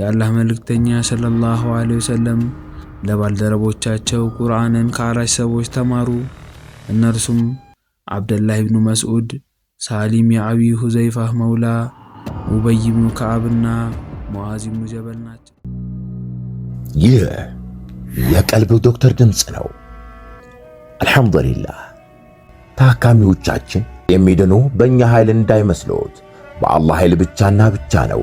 የአላህ መልእክተኛ ሰለላሁ ዐለይሂ ወሰለም ለባልደረቦቻቸው ቁርአንን ከአራት ሰዎች ተማሩ። እነርሱም አብደላህ ብኑ መስዑድ፣ ሳሊም የአቢ ሁዘይፋህ መውላ፣ ኡበይ ብኑ ከዓብና ሙዓዝ ብኑ ጀበል ናቸው። ይህ የቀልብ ዶክተር ድምፅ ነው። አልሐምዱሊላህ ታካሚዎቻችን የሚድኑ በእኛ ኃይል እንዳይመስሎት፣ በአላህ ኃይል ብቻና ብቻ ነው።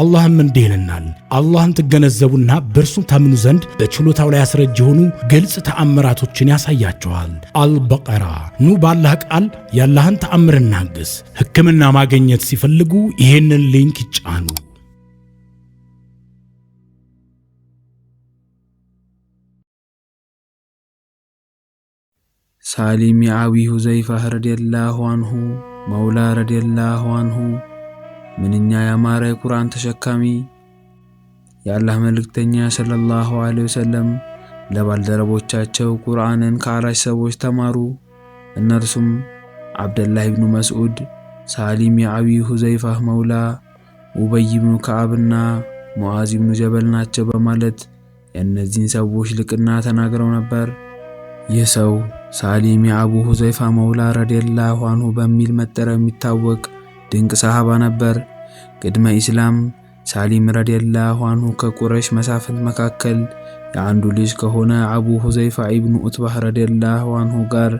አላህም እንዲህ ይለናል፣ አላህን ትገነዘቡና በእርሱ ታምኑ ዘንድ በችሎታው ላይ ያስረጅ የሆኑ ግልጽ ተአምራቶችን ያሳያቸዋል። አልበቀራ ኑ ባላህ ቃል ያላህን ተአምር እናግስ። ሕክምና ማግኘት ሲፈልጉ ይሄንን ሊንክ ይጫኑ። ሳሊም የአቢ ሁዘይፋ ረዲየላሁ አንሁ መውላ ረዲየላሁ አንሁ ምንኛ ያማረ የቁርአን ተሸካሚ የአላህ መልእክተኛ ሰለላሁ ዐለይሂ ወሰለም ለባልደረቦቻቸው ቁርአንን ከአራሽ ሰዎች ተማሩ። እነርሱም አብደላህ ብኑ መስዑድ፣ ሳሊም የአቢ ሁዘይፋ መውላ፣ ኡበይ ኢብኑ ከዓብና ሙዓዝ ብኑ ጀበል ናቸው በማለት የእነዚህን ሰዎች ልቅና ተናግረው ነበር። ይህ ሰው ሳሊም የአቡ ሁዘይፋ መውላ ረዲየላሁ አንሁ በሚል መጠሪያው የሚታወቅ ድንቅ ሰሃባ ነበር። ቅድመ ኢስላም ሳሊም ረዲየላሁ አንሁ ከቁረሽ መሳፍንት መካከል የአንዱ ልጅ ከሆነ አቡ ሁዘይፋ ኢብኑ ኡትባህ ረዲየላሁ አንሁ ጋር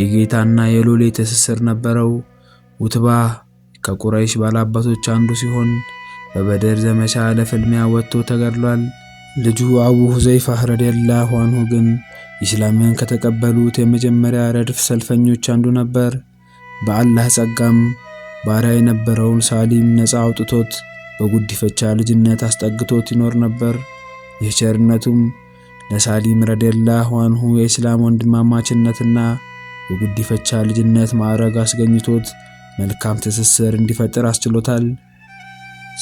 የጌታና የሎሌ ትስስር ነበረው። ኡትባህ ከቁረይሽ ባላባቶች አንዱ ሲሆን በበደር ዘመቻ ለፍልሚያ ወጥቶ ተገድሏል። ልጁ አቡ ሁዘይፋ ረዲየላሁ አንሁ ግን ኢስላምን ከተቀበሉት የመጀመሪያ ረድፍ ሰልፈኞች አንዱ ነበር። በአላህ ጸጋም ባሪያ የነበረውን ሳሊም ነፃ አውጥቶት በጉዲፈቻ ልጅነት አስጠግቶት ይኖር ነበር። የቸርነቱም ለሳሊም ረዴላ ዋንሁ የእስላም ወንድማማችነትና የጉዲፈቻ ልጅነት ማዕረግ አስገኝቶት መልካም ትስስር እንዲፈጥር አስችሎታል።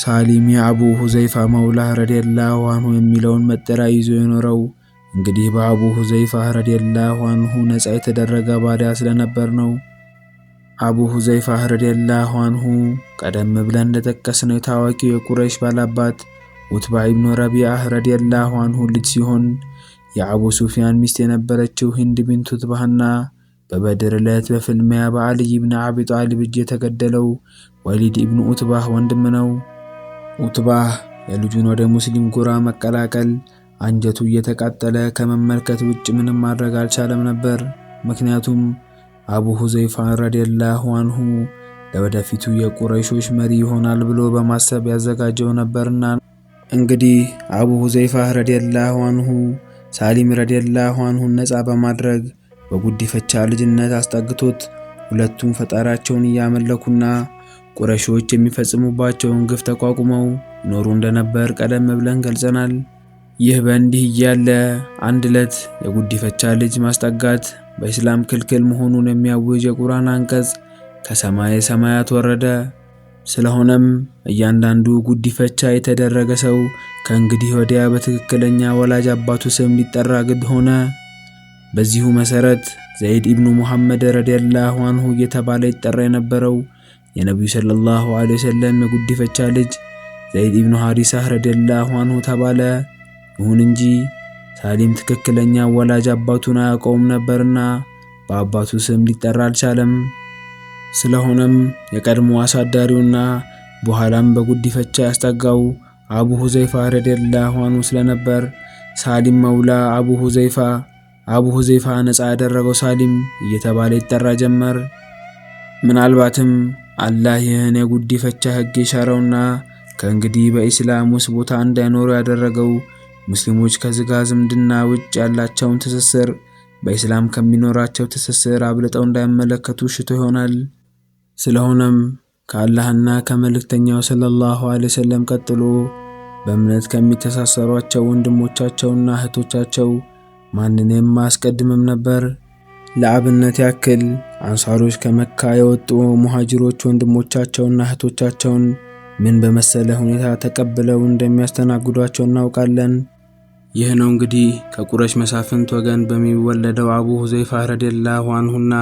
ሳሊም የአቡ ሁዘይፋ መውላ ረዴላ ዋንሁ የሚለውን መጠሪያ ይዞ የኖረው እንግዲህ በአቡ ሁዘይፋ ረዴላ ዋንሁ ነፃ የተደረገ ባሪያ ስለነበር ነው። አቡ ሁዘይፋ ረዲየላሁ አንሁ ቀደም ብለን እንደጠቀስነው የታዋቂው የቁረይሽ ባላባት ውትባ ኢብኑ ረቢአህ ረዲየላሁ አንሁ ልጅ ሲሆን የአቡ ሱፊያን ሚስት የነበረችው ሂንድ ቢንት ውትባህና በበድር ዕለት በፍልሚያ በአልይ ብን አቢ ጣሊብ እጅ የተገደለው ወሊድ ኢብኑ ኡትባህ ወንድም ነው። ኡትባህ የልጁን ወደ ሙስሊም ጎራ መቀላቀል አንጀቱ እየተቃጠለ ከመመልከት ውጭ ምንም ማድረግ አልቻለም ነበር። ምክንያቱም አቡ ሁዘይፋ ረዲየላሁ አንሁ ለወደፊቱ የቁረይሾች መሪ ይሆናል ብሎ በማሰብ ያዘጋጀው ነበርና። እንግዲህ አቡ ሁዘይፋ ረዲየላሁ አንሁ ሳሊም ረዲየላሁ አንሁን ነፃ በማድረግ በጉዲፈቻ ልጅነት አስጠግቶት ሁለቱም ፈጣሪያቸውን እያመለኩና ቁረሾች የሚፈጽሙባቸውን ግፍ ተቋቁመው ይኖሩ እንደነበር ቀደም ብለን ገልጸናል። ይህ በእንዲህ እያለ አንድ ዕለት የጉዲፈቻ ልጅ ማስጠጋት በእስላም ክልክል መሆኑን የሚያውጅ የቁርአን አንቀጽ ከሰማይ ሰማያት ወረደ። ስለሆነም እያንዳንዱ ጉዲፈቻ የተደረገ ሰው ከእንግዲህ ወዲያ በትክክለኛ ወላጅ አባቱ ስም ሊጠራ ግድ ሆነ። በዚሁ መሰረት ዘይድ ኢብኑ ሙሐመድ ረዲየላሁ አንሁ እየተባለ ይጠራ የነበረው የነቢዩ ሰለላሁ ዐለይሂ ወሰለም የጉዲፈቻ ልጅ ዘይድ ኢብኑ ሐሪሳህ ረዲየላሁ አንሁ ተባለ። ይሁን እንጂ ሳሊም ትክክለኛ ወላጅ አባቱን አያውቀውም ነበርና በአባቱ ስም ሊጠራ አልቻለም። ስለሆነም የቀድሞ አሳዳሪውና በኋላም በጉዲፈቻ ያስጠጋው አቡ ሁዘይፋ ረዲየላሁ አንሁ ስለነበር ሳሊም መውላ አቡ ሁዘይፋ አቡ ሁዘይፋ ነፃ ያደረገው ሳሊም እየተባለ ይጠራ ጀመር። ምናልባትም አላህ ይህን የጉዲፈቻ ሕግ የሻረውና ከእንግዲህ በኢስላም ውስጥ ቦታ እንዳይኖረው ያደረገው ሙስሊሞች ከዚህ ጋር ዝምድና ውጭ ያላቸውን ትስስር በኢስላም ከሚኖራቸው ትስስር አብልጠው እንዳይመለከቱ ሽቶ ይሆናል። ስለሆነም ከአላህና ከመልእክተኛው ሰለላሁ ዐለይሂ ወሰለም ቀጥሎ በእምነት ከሚተሳሰሯቸው ወንድሞቻቸውና እህቶቻቸው ማንንም ማስቀድምም ነበር። ለአብነት ያክል አንሳሮች ከመካ የወጡ ሙሃጅሮች ወንድሞቻቸውና እህቶቻቸውን ምን በመሰለ ሁኔታ ተቀብለው እንደሚያስተናግዷቸው እናውቃለን። ይህ ነው እንግዲህ ከቁረሽ መሳፍንት ወገን በሚወለደው አቡ ሁዘይፋ ረዲየላሁ አንሁና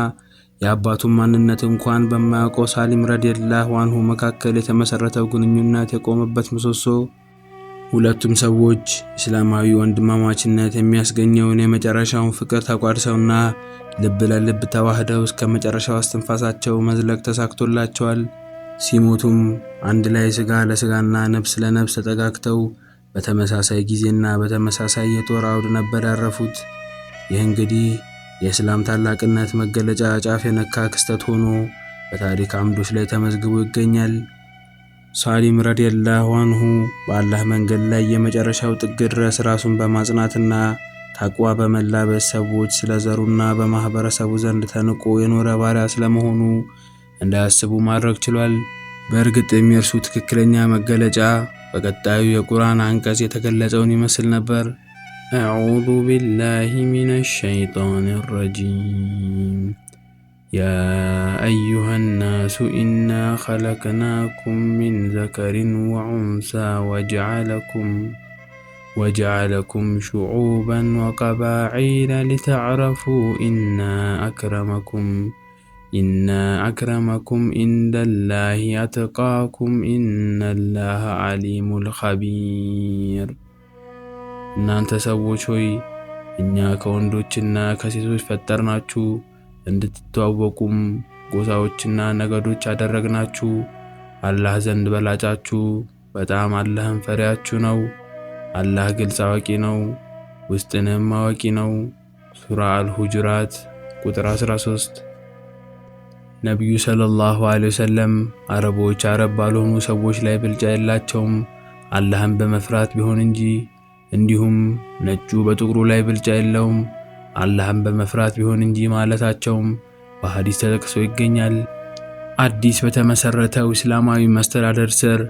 የአባቱን ማንነት እንኳን በማያውቀው ሳሊም ረዲየላሁ አንሁ መካከል የተመሰረተው ግንኙነት የቆመበት ምሰሶ ሁለቱም ሰዎች እስላማዊ ወንድማማችነት የሚያስገኘውን የመጨረሻውን ፍቅር ተቋድሰውና ልብ ለልብ ተዋህደው እስከ መጨረሻው አስትንፋሳቸው መዝለቅ ተሳክቶላቸዋል። ሲሞቱም አንድ ላይ ስጋ ለስጋና ነፍስ ለነፍስ ተጠጋግተው በተመሳሳይ ጊዜና በተመሳሳይ የጦር አውድ ነበር ያረፉት። ይህ እንግዲህ የእስላም ታላቅነት መገለጫ ጫፍ የነካ ክስተት ሆኖ በታሪክ አምዶች ላይ ተመዝግቦ ይገኛል። ሳሊም ረዲየላሁ አንሁ በአላህ መንገድ ላይ የመጨረሻው ጥግ ድረስ ራሱን በማጽናትና ታቋ በመላበስ ሰዎች ስለ ዘሩና በማኅበረሰቡ ዘንድ ተንቆ የኖረ ባሪያ ስለመሆኑ እንዳያስቡ ማድረግ ችሏል። በእርግጥ የሚርሱ ትክክለኛ መገለጫ فقطعوا يقران عن كاس يتكلزون يمثل نبر أعوذ بالله من الشيطان الرجيم يا أيها الناس إنا خلقناكم من ذكر وأنثى وجعلكم وجعلكم شعوبا وقبائل لتعرفوا إنا أكرمكم إنا أكرمكم عند الله أتقاكم إن الله عليم الخبير እናንተ ሰዎች ሆይ እኛ ከወንዶችና ከሴቶች ፈጠርናችሁ እንድትተዋወቁም ጎሳዎችና ነገዶች አደረግናችሁ። አላህ ዘንድ በላጫችሁ፣ በጣም አላህን ፈሪያችሁ ነው። አላህ ግልጽ አዋቂ ነው፣ ውስጥንም አዋቂ ነው። ሱራ አልሁጅራት ቁጥር 13 ነቢዩ ሰለላሁ ዐለይሂ ወሰለም አረቦች አረብ ባልሆኑ ሰዎች ላይ ብልጫ የላቸውም አላህን በመፍራት ቢሆን እንጂ፣ እንዲሁም ነጩ በጥቁሩ ላይ ብልጫ የለውም አላህን በመፍራት ቢሆን እንጂ ማለታቸውም በሐዲስ ተጠቅሶ ይገኛል። አዲስ በተመሰረተው እስላማዊ መስተዳደር ስር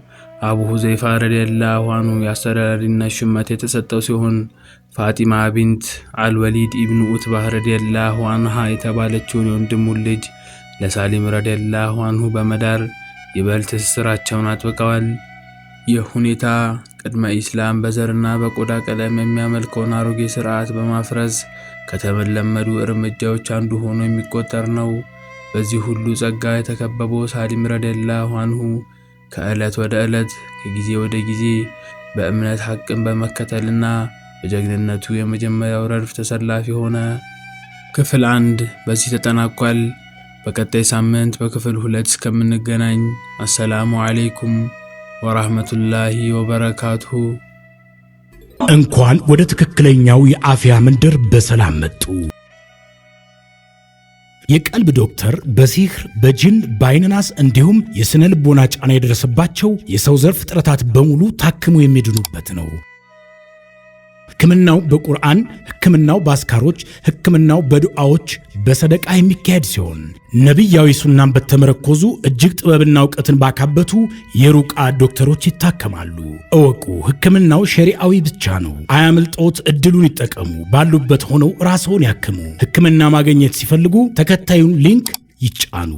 አቡ ሁዘይፋ ረዲየላሁ አንሁ የአስተዳዳሪነት ሹመት የተሰጠው ሲሆን ፋጢማ ቢንት አልወሊድ ኢብኑ ኡትባህ ረዲየላሁ አንሃ የተባለችውን የወንድሙን ልጅ ለሳሊም ረዲየላሁ አንሁ በመዳር ይበል ትስስራቸውን አጥብቀዋል። ይህ ሁኔታ ቅድመ ኢስላም በዘርና በቆዳ ቀለም የሚያመልከውን አሮጌ ስርዓት በማፍረስ ከተመለመዱ እርምጃዎች አንዱ ሆኖ የሚቆጠር ነው። በዚህ ሁሉ ጸጋ የተከበበው ሳሊም ረዲየላሁ አንሁ ከዕለት ወደ ዕለት ከጊዜ ወደ ጊዜ በእምነት ሐቅን በመከተልና በጀግንነቱ የመጀመሪያው ረድፍ ተሰላፊ ሆነ። ክፍል አንድ በዚህ ተጠናቋል። በቀጣይ ሳምንት በክፍል ሁለት እስከምንገናኝ አሰላሙ አሌይኩም ወራህመቱላሂ ወበረካቱሁ። እንኳን ወደ ትክክለኛው የአፍያ መንደር በሰላም መጡ። የቀልብ ዶክተር በሲህር በጅን በአይነናስ እንዲሁም የስነ ልቦና ጫና የደረሰባቸው የሰው ዘር ፍጥረታት በሙሉ ታክሞ የሚድኑበት ነው። ህክምናው በቁርአን፣ ህክምናው በአስካሮች፣ ህክምናው በዱዓዎች፣ በሰደቃ የሚካሄድ ሲሆን ነቢያዊ ሱናን በተመረኮዙ እጅግ ጥበብና እውቀትን ባካበቱ የሩቃ ዶክተሮች ይታከማሉ። እወቁ፣ ህክምናው ሸሪአዊ ብቻ ነው። አያምልጦት፣ እድሉን ይጠቀሙ። ባሉበት ሆነው ራስዎን ያክሙ። ህክምና ማግኘት ሲፈልጉ ተከታዩን ሊንክ ይጫኑ።